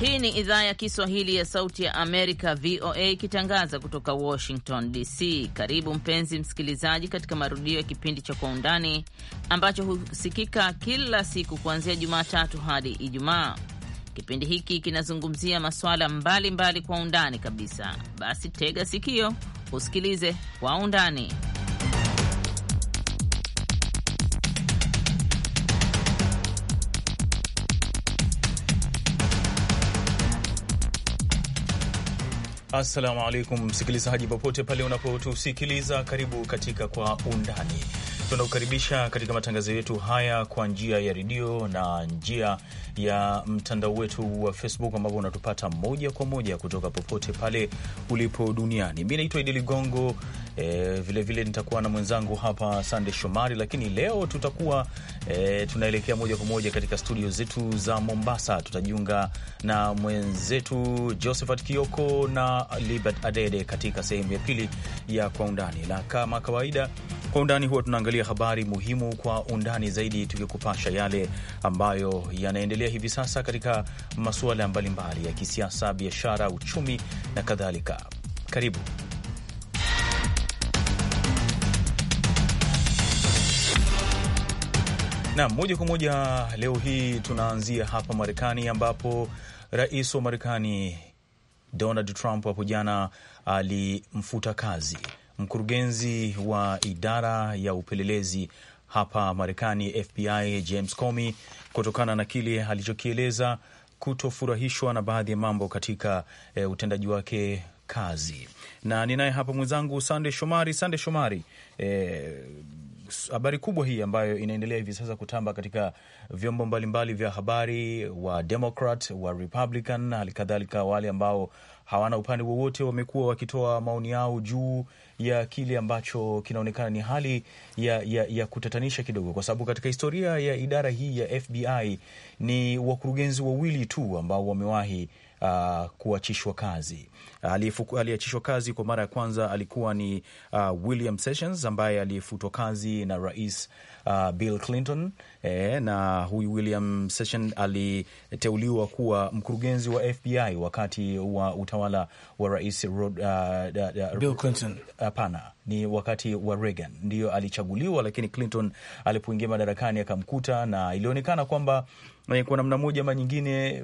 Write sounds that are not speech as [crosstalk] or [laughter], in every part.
Hii ni idhaa ya Kiswahili ya Sauti ya Amerika, VOA, ikitangaza kutoka Washington DC. Karibu mpenzi msikilizaji, katika marudio ya kipindi cha Kwa Undani ambacho husikika kila siku kuanzia Jumatatu hadi Ijumaa. Kipindi hiki kinazungumzia masuala mbalimbali mbali kwa undani kabisa. Basi tega sikio usikilize Kwa Undani. Assalamu alaikum msikilizaji, popote pale unapotusikiliza, karibu katika Kwa Undani. Tunakukaribisha katika matangazo yetu haya kwa njia ya redio na njia ya mtandao wetu wa Facebook, ambapo unatupata moja kwa moja kutoka popote pale ulipo duniani. Mi naitwa Idi Ligongo. E, vilevile nitakuwa na mwenzangu hapa Sande Shomari, lakini leo tutakuwa e, tunaelekea moja kwa moja katika studio zetu za Mombasa. Tutajiunga na mwenzetu Josephat Kioko na Libert Adede katika sehemu ya pili ya Kwa Undani, na kama kawaida kwa undani huwa tunaangalia habari muhimu kwa undani zaidi, tukikupasha yale ambayo yanaendelea hivi sasa katika masuala mbalimbali ya kisiasa, biashara, uchumi na kadhalika. Karibu. Na moja kwa moja leo hii tunaanzia hapa Marekani ambapo rais wa Marekani Donald Trump hapo jana alimfuta kazi mkurugenzi wa idara ya upelelezi hapa Marekani, FBI, James Comey, kutokana na kile alichokieleza kutofurahishwa na baadhi ya mambo katika e, utendaji wake kazi. Na ninaye hapa mwenzangu Sande Shomari. Sande Shomari, e, habari kubwa hii ambayo inaendelea hivi sasa kutamba katika vyombo mbalimbali vya habari, wa Democrat, wa Republican na halikadhalika wale ambao hawana upande wowote wamekuwa wakitoa maoni yao juu ya kile ambacho kinaonekana ni hali ya, ya, ya kutatanisha kidogo, kwa sababu katika historia ya idara hii ya FBI ni wakurugenzi wawili tu ambao wamewahi uh, kuachishwa kazi. Aliyeachishwa kazi kwa mara ya kwanza alikuwa ni uh, William Sessions ambaye aliyefutwa kazi na Rais uh, Bill Clinton e, na huyu William Sessions aliteuliwa kuwa mkurugenzi wa FBI wakati wa utawala wa Rais Rod, uh, Bill Clinton. Hapana, ni wakati wa Reagan ndiyo alichaguliwa, lakini Clinton alipoingia madarakani akamkuta, na ilionekana kwamba eh, kwa namna moja ama nyingine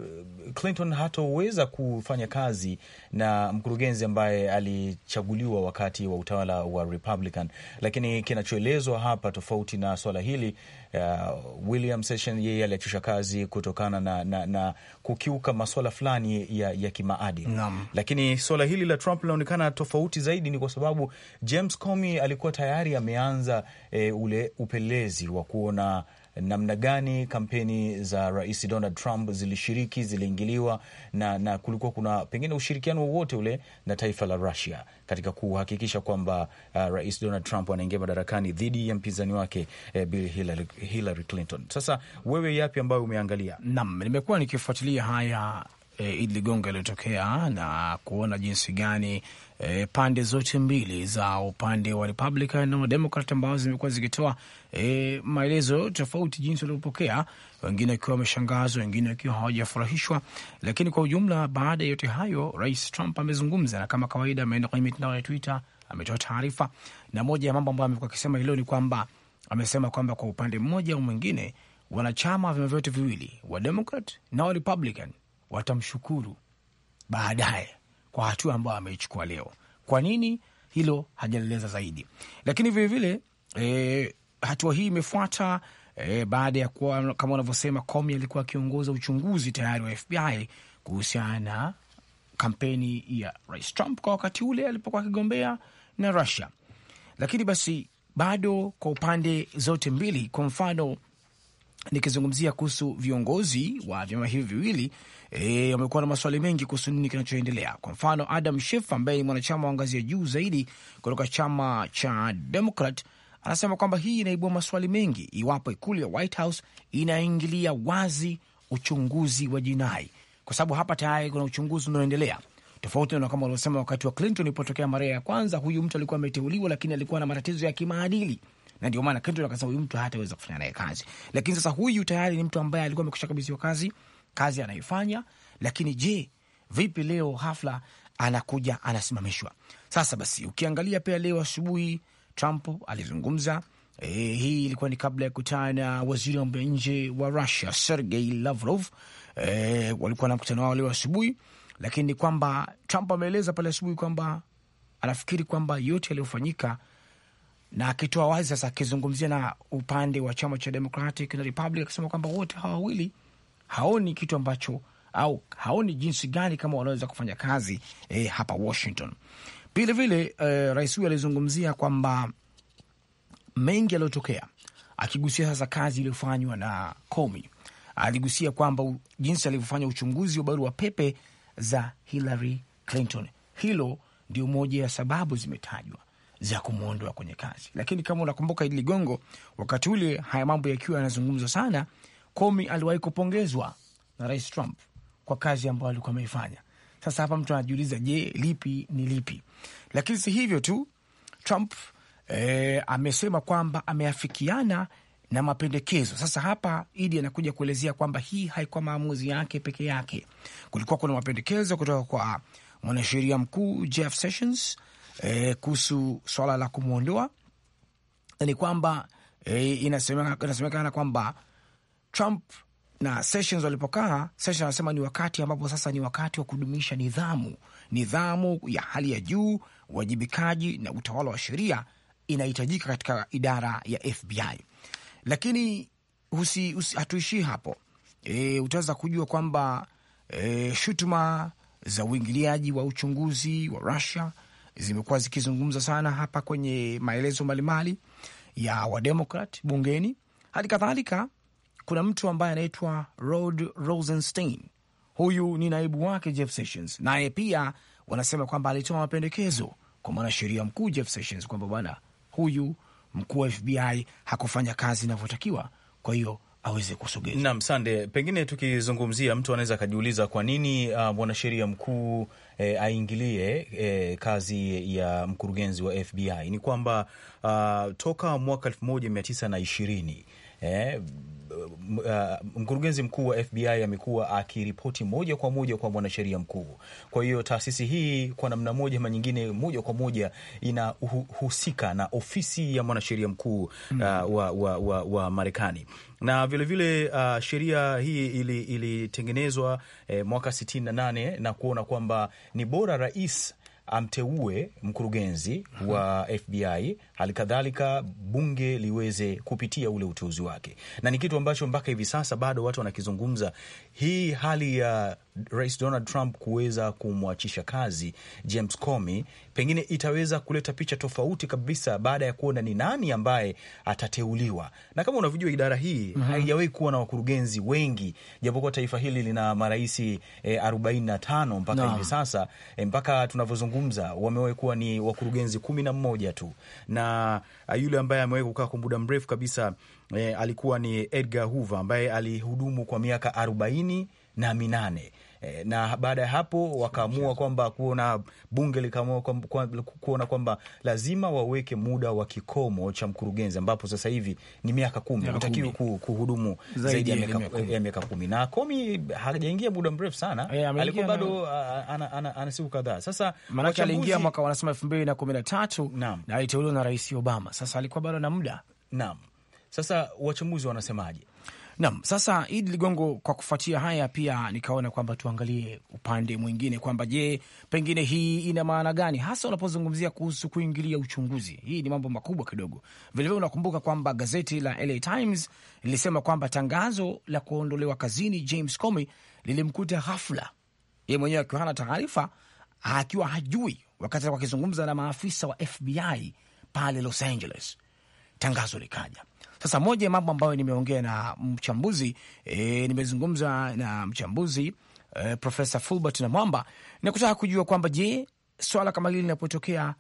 Clinton hatoweza kufanya kazi na mkurugenzi ambaye alichaguliwa wakati wa utawala wa Republican. Lakini kinachoelezwa hapa, tofauti na swala hili, uh, William Sessions yeye aliachishwa kazi kutokana na, na, na kukiuka maswala fulani ya, ya kimaadili Lakini swala hili la Trump linaonekana tofauti zaidi, ni kwa sababu James Comey alikuwa tayari ameanza eh, ule upelelezi wa kuona namna gani kampeni za Rais Donald Trump zilishiriki, ziliingiliwa na, na kulikuwa kuna pengine ushirikiano wowote ule na taifa la Russia katika kuhakikisha kwamba uh, Rais Donald Trump anaingia madarakani dhidi ya mpinzani wake eh, Bill Hillary, Hillary Clinton. Sasa wewe, yapi ambayo umeangalia? Naam, nimekuwa nikifuatilia haya eh, Idi Ligongo yaliyotokea na kuona jinsi gani e, pande zote mbili za upande wa Republican na Wademokrat ambazo zimekuwa zikitoa e, maelezo tofauti jinsi waliopokea, wengine wakiwa wameshangazwa, wengine wakiwa hawajafurahishwa. Lakini kwa ujumla, baada ya yote hayo, Rais Trump amezungumza na kama kawaida ameenda kwenye mitandao ya Twitter, ametoa taarifa, na moja ya mambo ambayo amekuwa akisema hilo ni kwamba amesema kwamba kwa upande mmoja au mwingine wanachama wa vyama vyote viwili wa Democrat na wa Republican watamshukuru baadaye kwa hatua ambayo ameichukua leo. Kwa nini hilo hajaeleza zaidi, lakini vilevile e, hatua hii imefuata e, baada ya kuwa kama unavyosema Comey alikuwa akiongoza uchunguzi tayari wa FBI kuhusiana na kampeni ya Rais Trump kwa wakati ule alipokuwa akigombea na Russia. Lakini basi bado kwa upande zote mbili, kwa mfano nikizungumzia kuhusu viongozi wa vyama hivi viwili e, wamekuwa na maswali mengi kuhusu nini kinachoendelea. Kwa mfano, Adam Schiff ambaye ni mwanachama wa ngazi ya juu zaidi kutoka chama cha Democrat anasema kwamba hii inaibua maswali mengi iwapo ikulu ya White House inaingilia wazi uchunguzi wa jinai, kwa sababu hapa tayari kuna uchunguzi unaoendelea, tofauti na kama waliosema wakati wa Clinton ilipotokea mara ya kwanza. Huyu mtu alikuwa ameteuliwa, lakini alikuwa na matatizo ya kimaadili na ndio maana Clinton akasema huyu mtu hataweza kufanya naye kazi. Lakini sasa huyu tayari ni mtu ambaye alikuwa amekwisha kabidhiwa kazi, kazi anaifanya. Lakini je, vipi leo hafla anakuja anasimamishwa? Sasa basi, ukiangalia pia leo asubuhi Trump alizungumza e, hii ilikuwa ni kabla ya kukutana na waziri wa mambo ya nje wa Russia Sergei Lavrov. E, walikuwa na mkutano wao leo asubuhi, lakini kwamba Trump ameeleza pale asubuhi kwamba anafikiri kwamba yote yaliyofanyika na akitoa wazi sasa, akizungumzia na upande wa chama cha Democratic na Republic, akisema kwamba wote hawa wawili haoni kitu ambacho au haoni jinsi gani kama wanaweza kufanya kazi eh, hapa Washington. vile eh, rais huyu alizungumzia kwamba mengi yaliyotokea, akigusia sasa kazi iliyofanywa na Comey, aligusia kwamba jinsi alivyofanya uchunguzi wa barua pepe za Hillary Clinton. Hilo ndio moja ya sababu zimetajwa za kumwondoa kwenye kazi. Lakini kama unakumbuka, ili Ligongo, wakati ule haya mambo yakiwa yanazungumzwa sana, Komi aliwahi kupongezwa na Rais Trump kwa kazi ambayo alikuwa ameifanya. Sasa hapa mtu anajiuliza, je, lipi ni lipi? Lakini si hivyo tu, Trump e, amesema kwamba ameafikiana na mapendekezo. Sasa hapa Idi anakuja kuelezea kwamba hii haikuwa maamuzi yake peke yake, kulikuwa kuna mapendekezo kutoka kwa mwanasheria mkuu Jeff Sessions eh, kuhusu swala la kumwondoa ni kwamba eh, inasemekana kwamba Trump na Sessions walipokaa, Sessions anasema ni wakati ambapo sasa ni wakati wa kudumisha nidhamu, nidhamu ya hali ya juu, uwajibikaji na utawala wa sheria inahitajika katika idara ya FBI. Lakini hatuishii hapo. E, utaweza kujua kwamba e, shutuma za uingiliaji wa uchunguzi wa Russia zimekuwa zikizungumza sana hapa kwenye maelezo mbalimbali ya wademokrat bungeni. Hali kadhalika kuna mtu ambaye anaitwa Rod Rosenstein, huyu ni naibu wake Jeff Sessions, naye pia wanasema kwamba alitoa mapendekezo kwa mwanasheria mkuu Jeff Sessions kwamba bwana, huyu mkuu wa FBI hakufanya kazi inavyotakiwa, kwa hiyo aweze kusogeza. Naam, sande. Pengine tukizungumzia, mtu anaweza akajiuliza kwa nini uh, mwanasheria uh, mkuu E, aingilie e, kazi ya mkurugenzi wa FBI ni kwamba uh, toka mwaka elfu moja mia tisa na ishirini e, uh, mkurugenzi mkuu wa FBI amekuwa akiripoti moja kwa moja kwa mwanasheria mkuu. Kwa hiyo taasisi hii kwa namna moja ama nyingine, moja kwa moja inahusika na ofisi ya mwanasheria mkuu hmm. uh, wa, wa, wa, wa Marekani na vilevile vile, uh, sheria hii ilitengenezwa ili eh, mwaka 68 na kuona kwamba ni bora rais amteue mkurugenzi wa FBI, halikadhalika bunge liweze kupitia ule uteuzi wake, na ni kitu ambacho mpaka hivi sasa bado watu wanakizungumza, hii hali ya Rais Donald Trump kuweza kumwachisha kazi James Comey, pengine itaweza kuleta picha tofauti kabisa baada ya kuona ni nani ambaye atateuliwa. Na kama unavyojua idara hii mm -hmm. haijawahi kuwa na wakurugenzi wengi, japokuwa taifa hili lina maraisi eh, arobaini na tano mpaka no. hivi sasa e, mpaka tunavyozungumza wamewahi kuwa ni wakurugenzi kumi na mmoja tu, na eh, yule ambaye amewahi kukaa kwa muda mrefu kabisa e, alikuwa ni Edgar Hoover ambaye alihudumu kwa miaka arobaini na minane e, na baada ya hapo wakaamua kwamba kuona bunge likaamua kuona kwamba lazima waweke muda wa kikomo cha mkurugenzi, ambapo sasa hivi ni miaka kumi, hutakiwi kuhudumu zaidi ya miaka kumi, na Komi hajaingia muda mrefu sana, eh, alikuwa bado ana siku kadhaa. Sasa manake aliingia mwaka wanasema elfu mbili na kumi na tatu na aliteuliwa na Rais Obama, sasa alikuwa bado na muda. Naam, sasa wachambuzi wanasemaje? Naam, sasa Idi Ligongo, kwa kufuatia haya pia nikaona kwamba tuangalie upande mwingine kwamba je, pengine hii ina maana gani hasa unapozungumzia kuhusu kuingilia uchunguzi. Hii ni mambo makubwa kidogo. Vilevile unakumbuka kwamba gazeti la LA Times lilisema kwamba tangazo la kuondolewa kazini James Comey lilimkuta ghafla, ye mwenyewe akiwa hana taarifa, akiwa hajui, wakati akizungumza na maafisa wa FBI pale Los Angeles, tangazo likaja sasa moja ya mambo ambayo nimeongea na mchambuzi e, nimezungumza na mchambuzi e, Profesa Fulbert na Mwamba na kutaka kujua kwamba je, swala kama hili linapotokea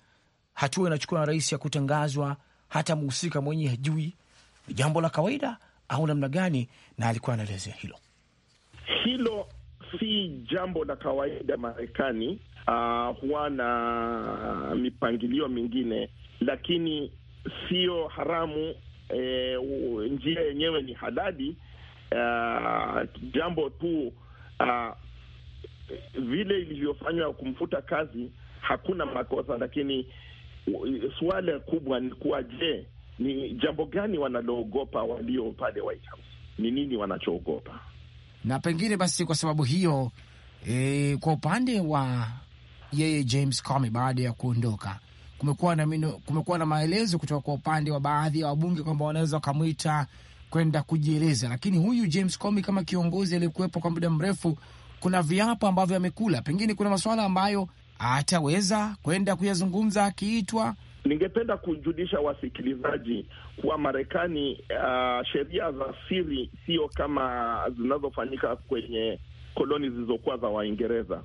hatua inachukua na rais ya kutangazwa hata mhusika mwenye hajui ni jambo la kawaida au namna gani, na alikuwa anaelezea hilo. Hilo si jambo la kawaida Marekani. Uh, huwa na mipangilio mingine, lakini sio haramu e, njia yenyewe ni halali. Uh, jambo tu uh, vile ilivyofanywa kumfuta kazi hakuna makosa, lakini suala kubwa ni kuwa, je, ni jambo gani wanaloogopa walio pale White House? Ni nini wanachoogopa? Na pengine basi kwa sababu hiyo e, kwa upande wa yeye James Comey baada ya kuondoka kumekuwa na, kumekuwa na maelezo kutoka kwa upande wa baadhi ya wabunge kwamba wanaweza wakamwita kwenda kujieleza, lakini huyu James Comey kama kiongozi aliyekuwepo kwa muda mrefu, kuna viapo ambavyo amekula, pengine kuna masuala ambayo ataweza kwenda kuyazungumza akiitwa. Ningependa kujulisha wasikilizaji kuwa Marekani, uh, sheria za siri sio kama zinazofanyika kwenye koloni zilizokuwa za Waingereza.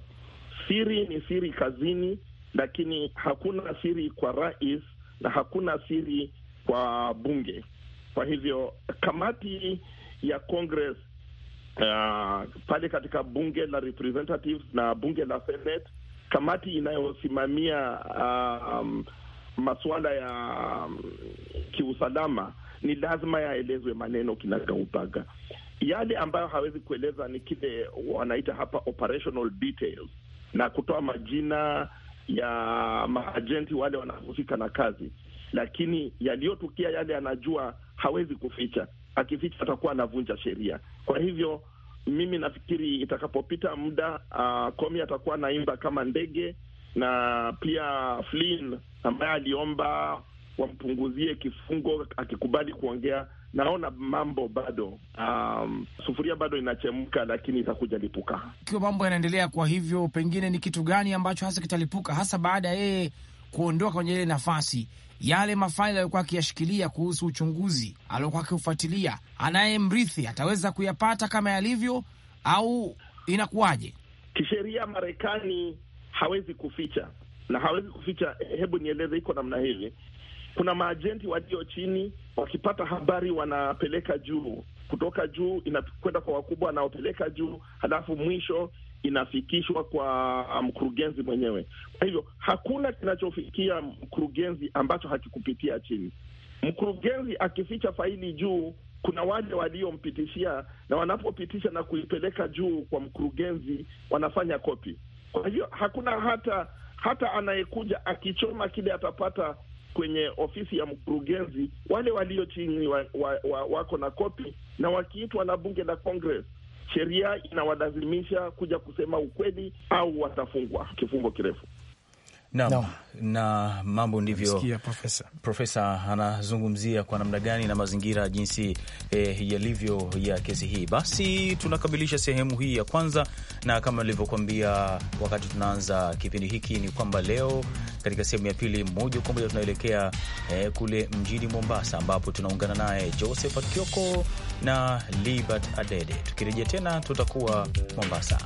Siri ni siri kazini, lakini hakuna siri kwa rais na hakuna siri kwa bunge. Kwa hivyo kamati ya Congress uh, pale katika bunge la representatives na bunge la Senate, kamati inayosimamia uh, um, masuala ya um, kiusalama ni lazima yaelezwe maneno kinagaubaga. Yale ambayo hawezi kueleza ni kile wanaita hapa operational details, na kutoa majina ya maajenti wale wanahusika na kazi, lakini yaliyotukia yale anajua, hawezi kuficha. Akificha atakuwa anavunja sheria. Kwa hivyo mimi nafikiri itakapopita muda uh, Komi atakuwa anaimba kama ndege, na pia Flynn ambaye aliomba wampunguzie kifungo akikubali kuongea naona mambo bado um, sufuria bado inachemka, lakini itakuja lipuka ikiwa mambo yanaendelea. Kwa hivyo pengine ni kitu gani ambacho hasa kitalipuka hasa baada ya yeye kuondoka kwenye ile nafasi? Yale mafaili aliyokuwa akiyashikilia kuhusu uchunguzi aliokuwa akiufuatilia, anaye mrithi ataweza kuyapata kama yalivyo au inakuwaje? Kisheria Marekani hawezi kuficha na hawezi kuficha. Hebu nieleze, iko namna hivi: kuna maajenti walio chini wakipata habari wanapeleka juu, kutoka juu inakwenda kwa wakubwa wanaopeleka juu, halafu mwisho inafikishwa kwa um, mkurugenzi mwenyewe. Kwa hivyo hakuna kinachofikia mkurugenzi ambacho hakikupitia chini. Mkurugenzi akificha faili juu, kuna wale waliompitishia, na wanapopitisha na kuipeleka juu kwa mkurugenzi wanafanya kopi. Kwa hivyo hakuna hata hata anayekuja akichoma kile atapata kwenye ofisi ya mkurugenzi, wale walio chini wa, wa, wa, wako na kopi, na wakiitwa na bunge la Congress, sheria inawalazimisha kuja kusema ukweli au watafungwa kifungo kirefu. Na, no. Na mambo ndivyo profesa anazungumzia kwa namna gani na mazingira jinsi eh, yalivyo ya kesi hii. Basi tunakamilisha sehemu hii ya kwanza, na kama nilivyokuambia wakati tunaanza kipindi hiki ni kwamba leo katika sehemu ya pili moja kwa moja tunaelekea eh, kule mjini Mombasa ambapo tunaungana naye Joseph Akioko na Libert Adede. Tukirejea tena tutakuwa Mombasa.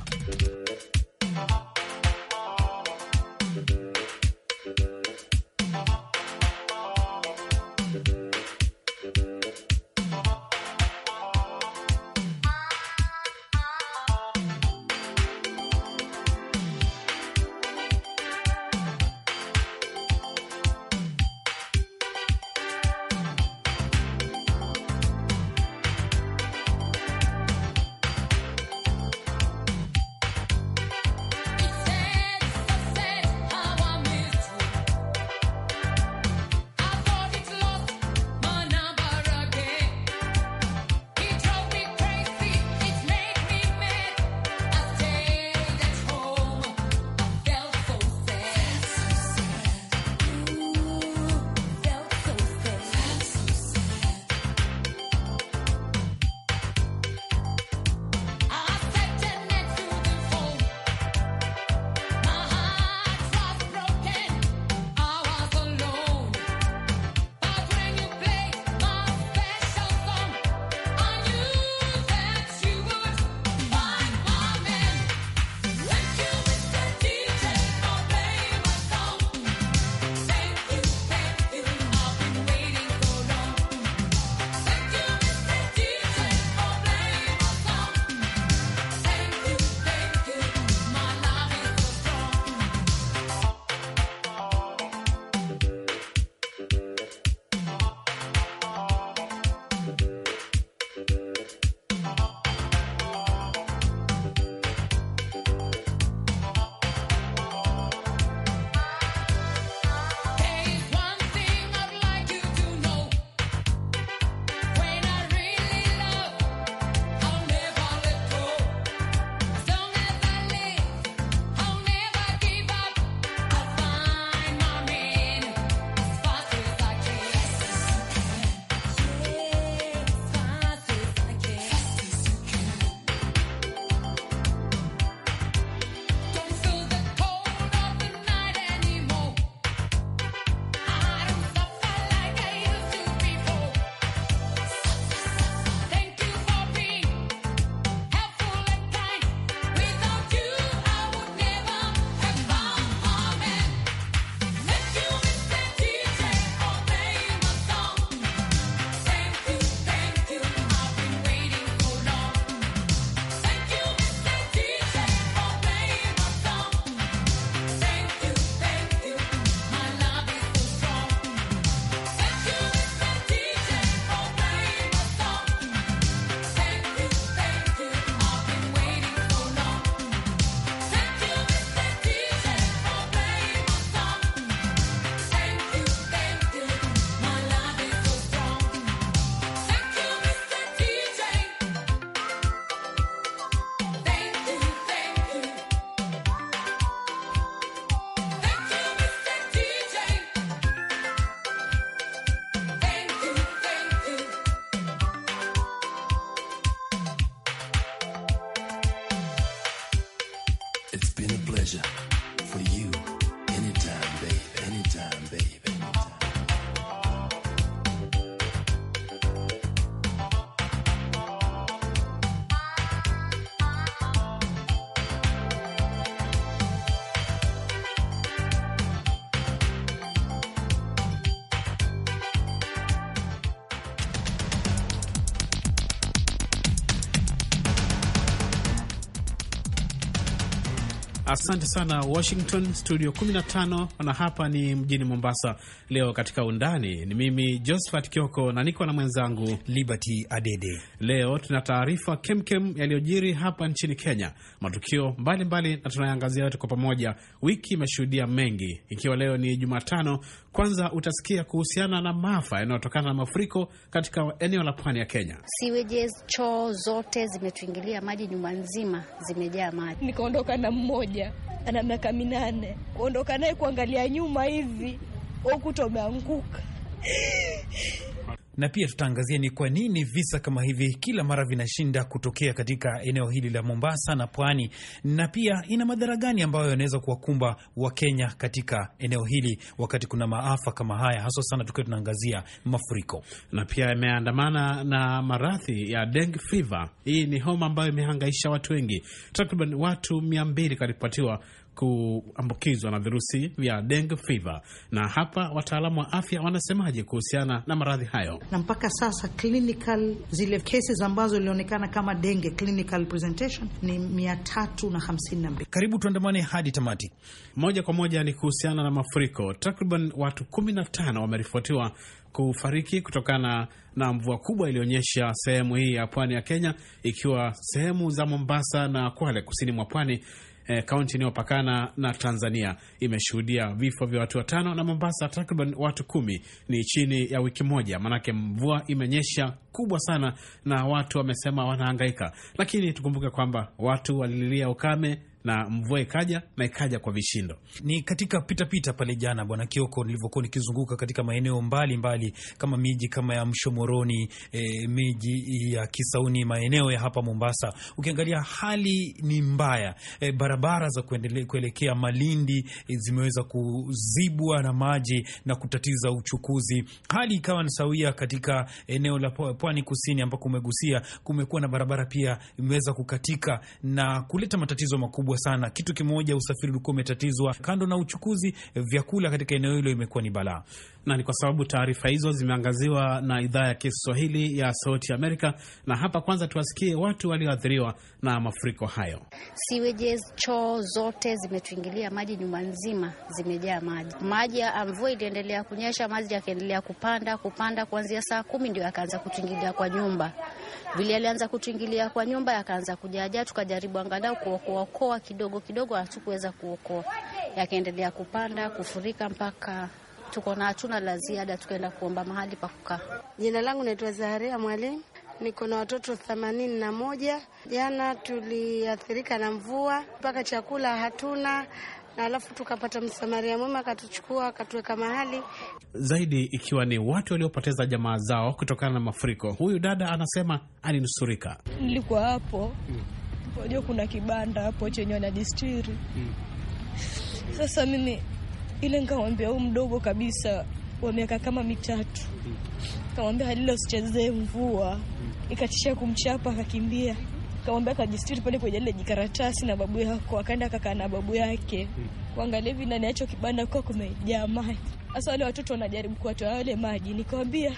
Asante sana Washington, studio 15 na hapa ni mjini Mombasa. Leo katika undani ni mimi Josephat Kioko na niko na mwenzangu Liberty Adede. Leo tuna taarifa kemkem yaliyojiri hapa nchini Kenya, matukio mbalimbali, na tunayangazia yote kwa pamoja. Wiki imeshuhudia mengi, ikiwa leo ni Jumatano. Kwanza utasikia kuhusiana na maafa yanayotokana na mafuriko katika eneo la pwani ya Kenya. siweje choo zote zimetuingilia maji, nyumba nzima zimejaa maji. Nikaondoka na mmoja ana miaka minane. Kuondoka naye kuangalia nyuma hivi, ukuta umeanguka. na pia tutaangazia ni kwa nini visa kama hivi kila mara vinashinda kutokea katika eneo hili la Mombasa na pwani, na pia ina madhara gani ambayo yanaweza kuwakumba Wakenya katika eneo hili wakati kuna maafa kama haya, haswa sana tukiwa tunaangazia mafuriko. Na pia imeandamana na maradhi ya dengue fever. Hii ni homa ambayo imehangaisha watu wengi, takriban watu mia mbili karipatiwa kuambukizwa na virusi vya dengue fever. Na hapa wataalamu wa afya wanasemaje kuhusiana na maradhi hayo? Na mpaka sasa clinical zile cases ambazo ilionekana kama dengue clinical presentation ni 352. Karibu tuandamane hadi tamati. Moja kwa moja ni kuhusiana na mafuriko. Takriban watu 15 wameripotiwa kufariki kutokana na mvua kubwa iliyoonyesha sehemu hii ya pwani ya Kenya, ikiwa sehemu za Mombasa na Kwale kusini mwa pwani Eh, kaunti inayopakana na Tanzania imeshuhudia vifo vya watu watano na Mombasa takriban watu kumi ni chini ya wiki moja, maanake mvua imenyesha kubwa sana na watu wamesema wanahangaika, lakini tukumbuke kwamba watu walililia ukame na mvua ikaja na ikaja kwa vishindo. Ni katika pitapita pale jana, Bwana Kioko, nilivyokuwa nikizunguka katika maeneo mbalimbali kama miji kama ya Mshomoroni, e, miji ya Kisauni, maeneo ya hapa Mombasa, ukiangalia hali ni mbaya. E, barabara za kuelekea Malindi e, zimeweza kuzibwa na maji na kutatiza uchukuzi. Hali ikawa ni sawia katika eneo la pwani kusini ambako umegusia, kumekuwa na barabara pia imeweza kukatika na kuleta matatizo makubwa kubwa sana. Kitu kimoja, usafiri ulikuwa umetatizwa. Kando na uchukuzi, vyakula katika eneo hilo imekuwa ni balaa na ni kwa sababu taarifa hizo zimeangaziwa na idhaa ya Kiswahili ya Sauti Amerika. Na hapa kwanza tuwasikie watu walioathiriwa na mafuriko hayo. Siwejes, choo zote zimetuingilia maji, nyumba nzima zimejaa maji. Maji ya mvua iliendelea kunyesha, maji yakaendelea kupanda kupanda, kuanzia saa kumi ndio yakaanza kutuingilia kwa nyumba. Vile alianza kutuingilia kwa nyumba, yakaanza kujaja tukajaribu angalau kuokoaokoa kidogo kidogo, hatukuweza kuokoa, yakaendelea kupanda kufurika mpaka tuko na hatuna la ziada, tukaenda kuomba mahali pa kukaa. Jina langu naitwa Zaharia Mwalimu, niko na watoto themanini na moja. Jana tuliathirika na mvua mpaka chakula hatuna na alafu tukapata msamaria mwema akatuchukua akatuweka mahali zaidi, ikiwa ni watu waliopoteza jamaa zao kutokana na mafuriko. Huyu dada anasema alinusurika. Nilikuwa hapo unajua, mm. kuna kibanda hapo chenye wanajistiri mm. Sasa mimi ile nikamwambia huyu mdogo kabisa wa miaka kama mitatu, kamwambia Halila usichezee mvua, ikatisha kumchapa akakimbia. Kamwambia akajistiri pale kwenye lile jikaratasi na babu yako, akaenda akakaa na babu yake kuangalia hivi ndani yacho kibanda kuwa kumejaa maji. hasa wale watoto wanajaribu kuwatoa yale maji, nikawambia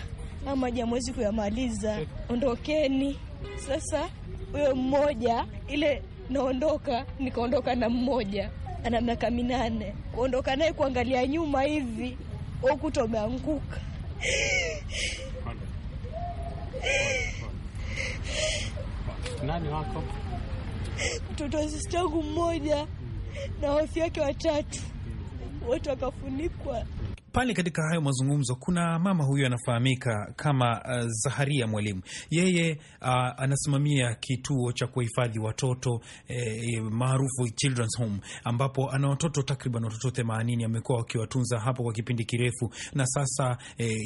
a maji amwezi kuyamaliza, ondokeni. Sasa huyo mmoja ile naondoka, nikaondoka na mmoja ana miaka minane. Kuondoka naye kuangalia nyuma hivi, ukuta umeanguka. Nani wako? Mtoto sisi tangu mmoja na wafi wake watatu, wote wakafunikwa pale katika hayo mazungumzo kuna mama huyu anafahamika kama uh, Zaharia Mwalimu. Yeye uh, anasimamia kituo cha kuhifadhi watoto eh, maarufu Children's Home, ambapo ana watoto takriban watoto themanini amekuwa wakiwatunza hapo kwa kipindi kirefu, na sasa eh,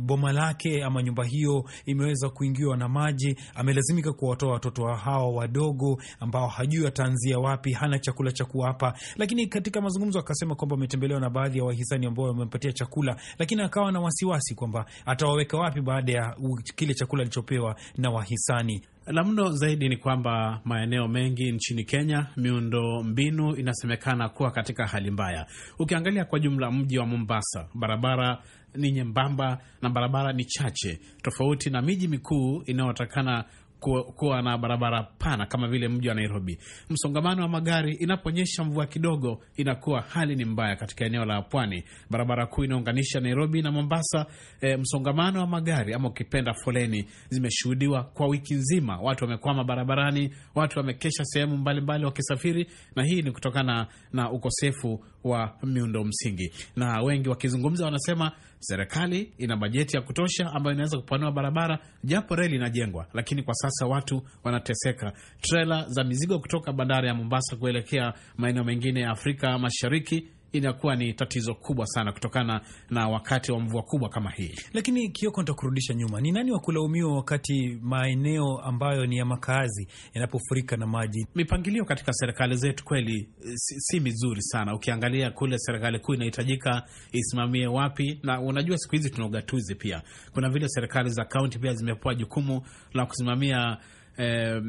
boma lake ama nyumba hiyo imeweza kuingiwa na maji. Amelazimika kuwatoa watoto hawa wadogo ambao hajui ataanzia wapi, hana chakula cha kuwapa. Lakini katika mazungumzo akasema kwamba ametembelewa na baadhi ya wahisani ambao kuwapatia chakula, lakini akawa na wasiwasi kwamba atawaweka wapi baada ya kile chakula alichopewa na wahisani. La mno zaidi ni kwamba maeneo mengi nchini Kenya miundo mbinu inasemekana kuwa katika hali mbaya. Ukiangalia kwa jumla mji wa Mombasa, barabara ni nyembamba na barabara ni chache, tofauti na miji mikuu inayotakana kuwa na barabara pana kama vile mji wa Nairobi. Msongamano wa magari, inaponyesha mvua kidogo, inakuwa hali ni mbaya katika eneo la pwani. Barabara kuu inaunganisha Nairobi na Mombasa. E, msongamano wa magari ama ukipenda foleni zimeshuhudiwa kwa wiki nzima. Watu wamekwama barabarani, watu wamekesha sehemu mbalimbali wakisafiri, na hii ni kutokana na ukosefu wa miundo msingi. Na wengi wakizungumza wanasema serikali ina bajeti ya kutosha ambayo inaweza kupanua barabara, japo reli inajengwa, lakini kwa sasa watu wanateseka. Trela za mizigo kutoka bandari ya Mombasa kuelekea maeneo mengine ya Afrika Mashariki inakuwa ni tatizo kubwa sana kutokana na wakati wa mvua kubwa kama hii. Lakini Kioko, nitakurudisha nyuma, ni nani wa kulaumiwa wakati maeneo ambayo ni ya makazi yanapofurika na maji? Mipangilio katika serikali zetu kweli eh, si, si mizuri sana. Ukiangalia kule serikali kuu inahitajika isimamie wapi, na unajua siku hizi tuna ugatuzi pia. Kuna vile serikali za kaunti pia zimepewa jukumu la kusimamia eh,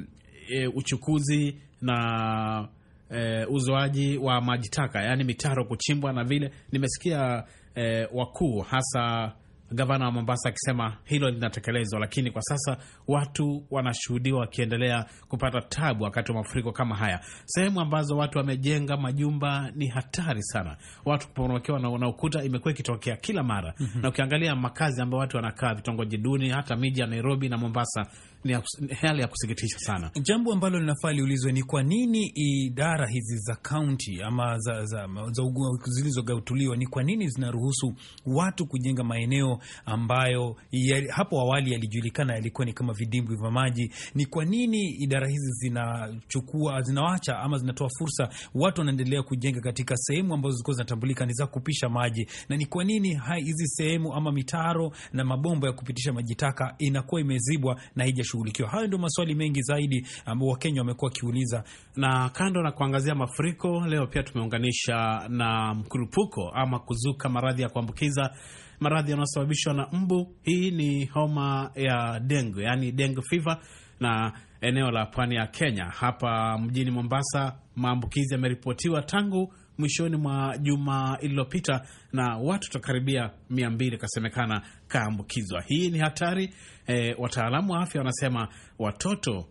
eh, uchukuzi na e, uzoaji wa maji taka, yaani mitaro kuchimbwa na vile. Nimesikia e, wakuu hasa gavana wa Mombasa akisema hilo linatekelezwa, lakini kwa sasa watu wanashuhudiwa wakiendelea kupata tabu wakati wa mafuriko kama haya. Sehemu ambazo watu wamejenga majumba ni hatari sana, watu kuporomokewa na ukuta imekuwa ikitokea kila mara mm -hmm. na ukiangalia makazi ambayo watu wanakaa vitongoji duni, hata miji ya Nairobi na Mombasa ni hali ya kusikitisha sana. Jambo ambalo linafaa liulizwe ni kwa nini idara hizi za kaunti ama za, za, za zilizogatuliwa ni kwa nini zinaruhusu watu kujenga maeneo ambayo ya, hapo awali yalijulikana yalikuwa ni kama vidimbwi vya maji. Ni kwa nini idara hizi zinachukua zinawacha ama zinatoa fursa watu wanaendelea kujenga katika sehemu ambazo zilikuwa zinatambulika ni za kupisha maji, na ni kwa nini hizi sehemu ama mitaro na mabomba ya kupitisha maji taka inakuwa imezibwa na hija yatashughulikiwa? Hayo ndio maswali mengi zaidi ambao Wakenya wamekuwa wakiuliza. Na kando na kuangazia mafuriko, leo pia tumeunganisha na mkurupuko ama kuzuka maradhi ya kuambukiza maradhi yanayosababishwa na mbu. Hii ni homa ya dengue, yani dengue fever, na eneo la pwani ya Kenya hapa mjini Mombasa, maambukizi yameripotiwa tangu mwishoni mwa juma ililopita, na watu takaribia mia mbili kasemekana kaambukizwa. Hii ni hatari e, wataalamu wa afya wanasema watoto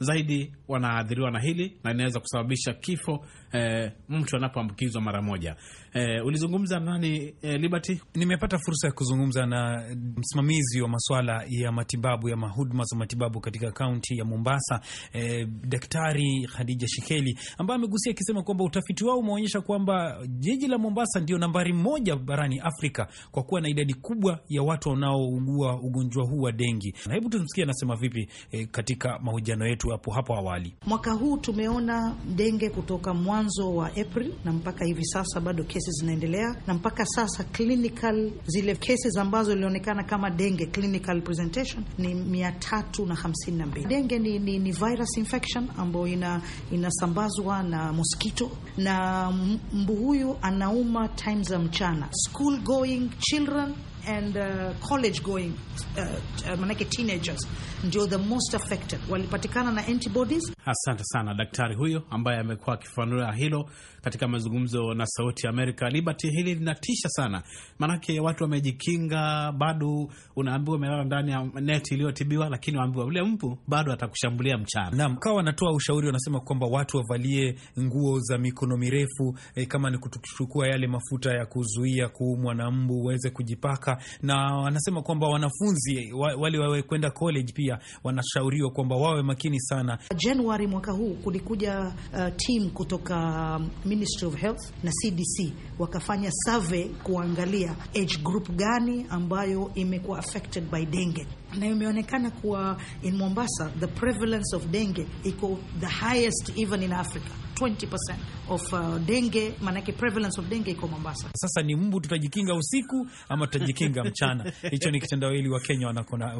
zaidi wanaathiriwa na hili na inaweza kusababisha kifo e, mtu anapoambukizwa mara moja. Eh, ulizungumza nani eh, Liberty? Nimepata fursa ya kuzungumza na msimamizi wa masuala ya matibabu ya mahuduma za matibabu katika kaunti ya Mombasa eh, Daktari Khadija Shikeli ambaye amegusia akisema kwamba utafiti wao umeonyesha kwamba jiji la Mombasa ndio nambari moja barani Afrika kwa kuwa na idadi kubwa ya watu wanaougua ugonjwa huu wa dengi. Na hebu tumsikie anasema vipi eh, katika mahojiano yetu hapo hapo awali. Mwaka huu tumeona denge kutoka mwanzo wa April na mpaka hivi sasa bado kesi zinaendelea, na mpaka sasa clinical zile kesi ambazo ilionekana kama denge clinical presentation ni mia tatu na hamsini na mbili. Denge ni, ni, ni virus infection ambayo inasambazwa ina na mosquito na mbu huyu anauma time za mchana, school going children and uh, college going uh, uh, manake teenagers ndio the most affected, walipatikana na antibodies. Asante sana daktari huyo ambaye amekuwa akifanua hilo katika mazungumzo na Sauti ya Amerika. Liberty, hili linatisha sana, maanake watu wamejikinga, bado unaambiwa umelala ndani ya neti iliyotibiwa, lakini waambiwa ule mpu bado atakushambulia mchana. Naam, kawa wanatoa ushauri, wanasema kwamba watu wavalie nguo za mikono mikono mirefu eh, kama ni kuchukua yale mafuta ya kuzuia kuumwa na mbu uweze kujipaka. Na wanasema kwamba wanafunzi wale wawe kwenda college pia wanashauriwa kwamba wawe makini sana. Januari mwaka huu kulikuja uh, team kutoka um, Ministry of Health na CDC wakafanya survey kuangalia age group gani ambayo imekuwa affected by dengue na imeonekana kuwa in Mombasa the prevalence of dengue iko the highest even in Africa 20% of uh, dengue, manake prevalence of dengue iko Mombasa. Sasa ni mbu tutajikinga usiku ama tutajikinga mchana? [laughs] Hicho ni kitendawili wa Kenya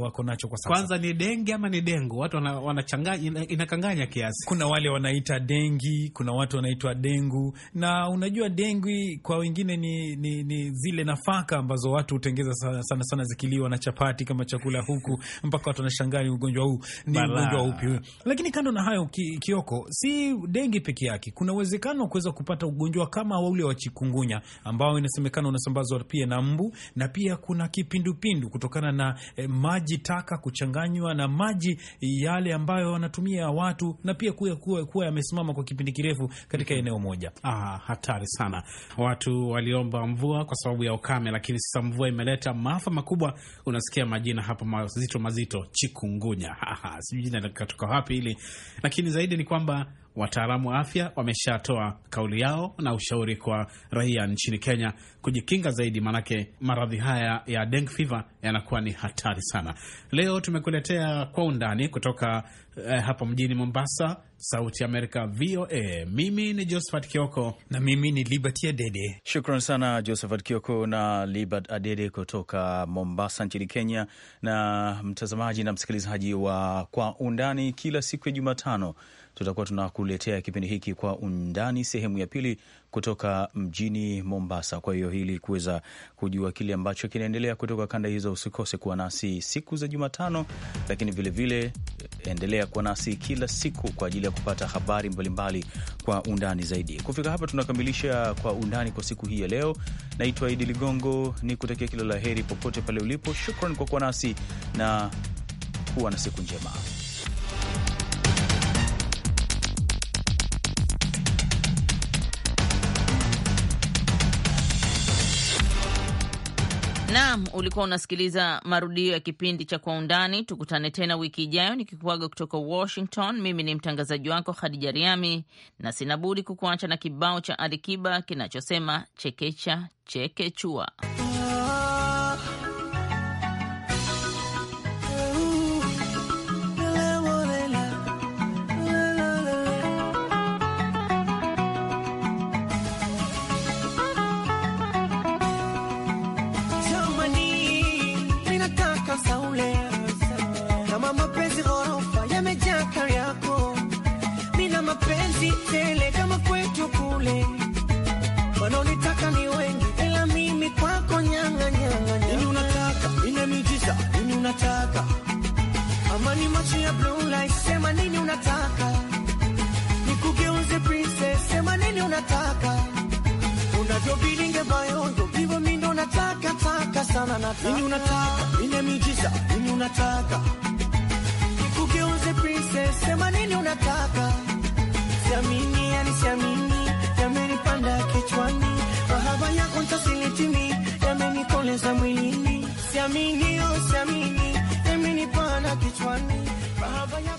wako nacho kwa sasa. Kwanza ni dengue ama ni dengu, watu wanachanganya, inakanganya kiasi. Kuna wale wanaita dengi, kuna watu wanaitwa dengu, na unajua dengue kwa wengine ni, ni, ni zile nafaka ambazo watu hutengeza sana, sana sana zikiliwa na chapati kama chakula huu huku mpaka watu wanashangaa ni ugonjwa huu ni ugonjwa upi huyu. Lakini kando na hayo, ki, Kioko, si dengi peke yake, kuna uwezekano wa kuweza kupata ugonjwa kama ule wa chikungunya ambao inasemekana unasambazwa pia na mbu, na pia kuna kipindupindu kutokana na eh, maji taka kuchanganywa na maji yale ambayo wanatumia watu, na pia kuwa, kuwa, kuwa yamesimama kwa kipindi kirefu katika mm -hmm. eneo moja. Ah, hatari sana. Watu waliomba mvua kwa sababu ya ukame, lakini sasa mvua imeleta maafa makubwa. Unasikia majina hapa ma mazito mazito, chikungunya, [laughs] sijui jina likatoka wapi hili, lakini zaidi ni kwamba wataalamu wa afya wameshatoa kauli yao na ushauri kwa raia nchini Kenya kujikinga zaidi, maanake maradhi haya ya dengue fever yanakuwa ni hatari sana. Leo tumekuletea kwa undani kutoka eh, hapa mjini Mombasa Sauti Amerika VOA. Mimi ni Josephat Kioko na mimi ni libert Adede. Shukran sana Josephat Kioko na Libert Adede kutoka Mombasa nchini Kenya. Na mtazamaji na msikilizaji wa Kwa Undani, kila siku ya Jumatano tutakuwa tunakuletea kipindi hiki kwa undani, sehemu ya pili kutoka mjini Mombasa. Kwa hiyo ili kuweza kujua kile ambacho kinaendelea kutoka kanda hizo, usikose kuwa nasi siku za Jumatano, lakini vilevile vile, eh, endelea kuwa nasi kila siku kwa ajili ya kupata habari mbalimbali kwa undani zaidi. Kufika hapa tunakamilisha kwa undani kwa siku hii ya leo. Naitwa Idi Ligongo, ni kutakia kila la heri popote pale ulipo. Shukran kwa kuwa nasi na kuwa na siku njema. Naam, ulikuwa unasikiliza marudio ya kipindi cha Kwa Undani. Tukutane tena wiki ijayo, nikikuaga kutoka Washington. Mimi ni mtangazaji wako Khadija Riami, na sina budi kukuacha na kibao cha Alikiba kinachosema chekecha chekechua. si tele kama kwetu kule, wanaonitaka ni wengi, ila mimi kwako nyanga nyanga. Nini unataka? Nini miujiza? Nini unataka? Amani macho ya blue light, sema nini unataka? Nikugeuze princess, sema nini unataka? Unavyobiringe bayondo, vivo mimi ndo nataka taka sana nataka. Nini unataka? Nini miujiza? Nini unataka? Nikugeuze princess, sema nini unataka? Siamini, yani siamini, yamenipanda kichwani, mahaba yako ntasilitimi, yamenikoleza mwilini, siamini, oh siamini, yamenipanda kichwani, mahaba yako